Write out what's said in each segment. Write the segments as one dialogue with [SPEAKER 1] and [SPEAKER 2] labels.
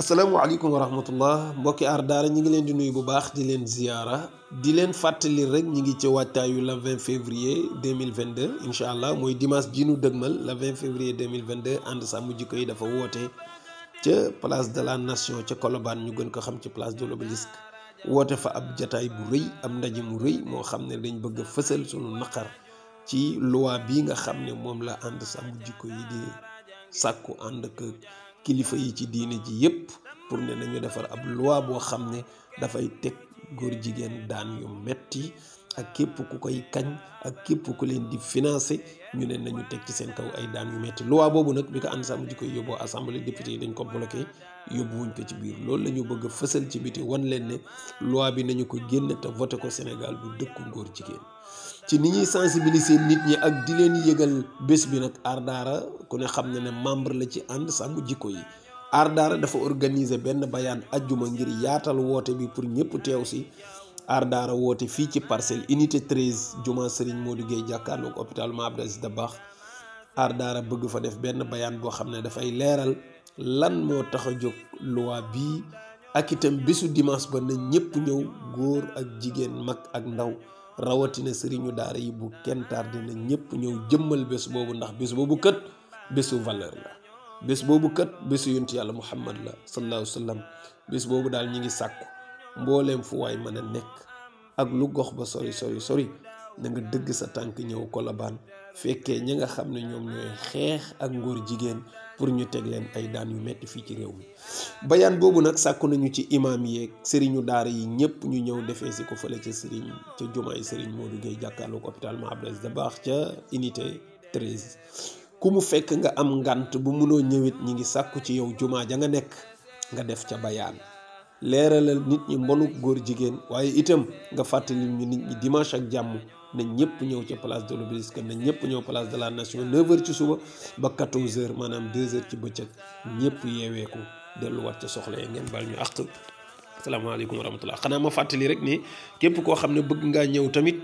[SPEAKER 1] asalaamaaleykum wa rahmatullah mbokki aar daara ñi ngi leen di nuyu bu baax di leen ziyaara di leen fàttali rek ñi ngi ci wàccaayu le 20 février 2022 incha allah mooy dimanche ji nu dëgmal le 20 février 2022 ànd sàmm jikko yi dafa woote ca place de la nation ca Colobane ñu gën ko xam ci place de l'obélisque woote fa ab jataay bu rëy ab ndaje mu rëy moo xam ne dañ bëgg a fësal sunu naqar ci loi bi nga xam ne moom la ànd sa jikko yi di sàkku ànd ak kilifa yi ci diine ji yépp pour ne nañu defar ab loi boo xam ne dafay teg góor jigéen daan yu metti ak képp ku koy kañ ak képp ku leen di financer ñu ne nañu teg ci seen kaw ay daan yu metti loi boobu nag bi ko ànd sàmm ji koy yóbboo assemblée député yi dañ ko bloqué yóbbuwuñ ko ci biir loolu la bëgg fësal ci biti wan leen ne loi bi nañu ko génn te vote ko Sénégal bu dëkku góor jigéen ci ni ñuy sensibiliser nit ñi ak di leen yëgal bés bi nag ardaara ku ne xam na ne membre la ci ànd sàmm jikko yi Aar dafa organiser benn bayaan ajjuma ngir yaatal woote bi pour ñëpp teew si Aar Daara woote fii ci parcelle unité 13 juma Serigne Modou Gueye jàkkaarloog hôpital Mame Abdou Aziz Dabakh Aar Daara bëgg fa def benn bayaan boo xam ne dafay leeral lan moo tax a jóg loi bi ak itam bésu dimanche ba na ñëpp ñëw góor ak jigéen mag ak ndaw. rawatina sëriñu daara yi bu kenn tardé na ñëpp ñëw jëmmal bés boobu ndax bés boobu kët bésu valeur la bés boobu kët bésu yontu yàlla muhammad la sallallahu alayhi wa sallam bés boobu daal ñi ngi sàkku mbooleem fu waay mën a nekk ak lu gox ba sori sori sori na nga dëgg sa tànk ñëw kolobaan fekkee ñi nga xam ne ñoom ñooy xeex ak ngóor jigéen pour ñu teg leen ay daan yu metti fii ci réew mi bayaan boobu nag sàkku nañu ci imaam yeeg sëriñu daara yi ñëpp ñu ñëw defee si ko fële ca sëriñ ca jumaay sëriñ Modou Gueye jàkkaarloog hôpital Ma da baax ca unité 13 ku mu fekk nga am ngànt bu mënoo ñëwit ñi ngi sàkku ci yow jumaa ja nga nekk nga def ca bayaan leeralal nit ñi mënu góor jigéen waaye itam nga fàttali ñu nit ñi dimanche na ñëpp ñëw ca place de l'Obélisque na ñëpp ñëw place de la nation 9h ci suba ba 14h maanaam 2h ci bëccëg ñëpp yeeweeku delluwaat ca soxla yi ngeen baal ñu àq. asalaamaaleykum wa rahmatullah xanaa ma fàttali rek ni képp koo xam ne bëgg ngaa ñëw tamit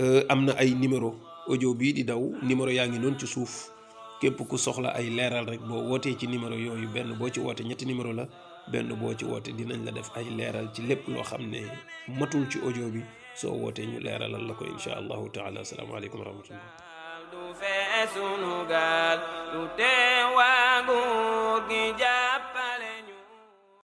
[SPEAKER 1] euh, am na ay numéro audio bii di daw numéro yaa ngi noonu ci suuf. képp ku soxla ay leeral rek boo wootee ci numéro yooyu benn boo ci wootee ñetti numéro la benn boo ci wootee dinañ la def ay leeral ci lépp loo xam ne matul ci audio bi soo wootee ñu leeralal la ko insha allahu taala asalaamaaleykum wa rahmatullah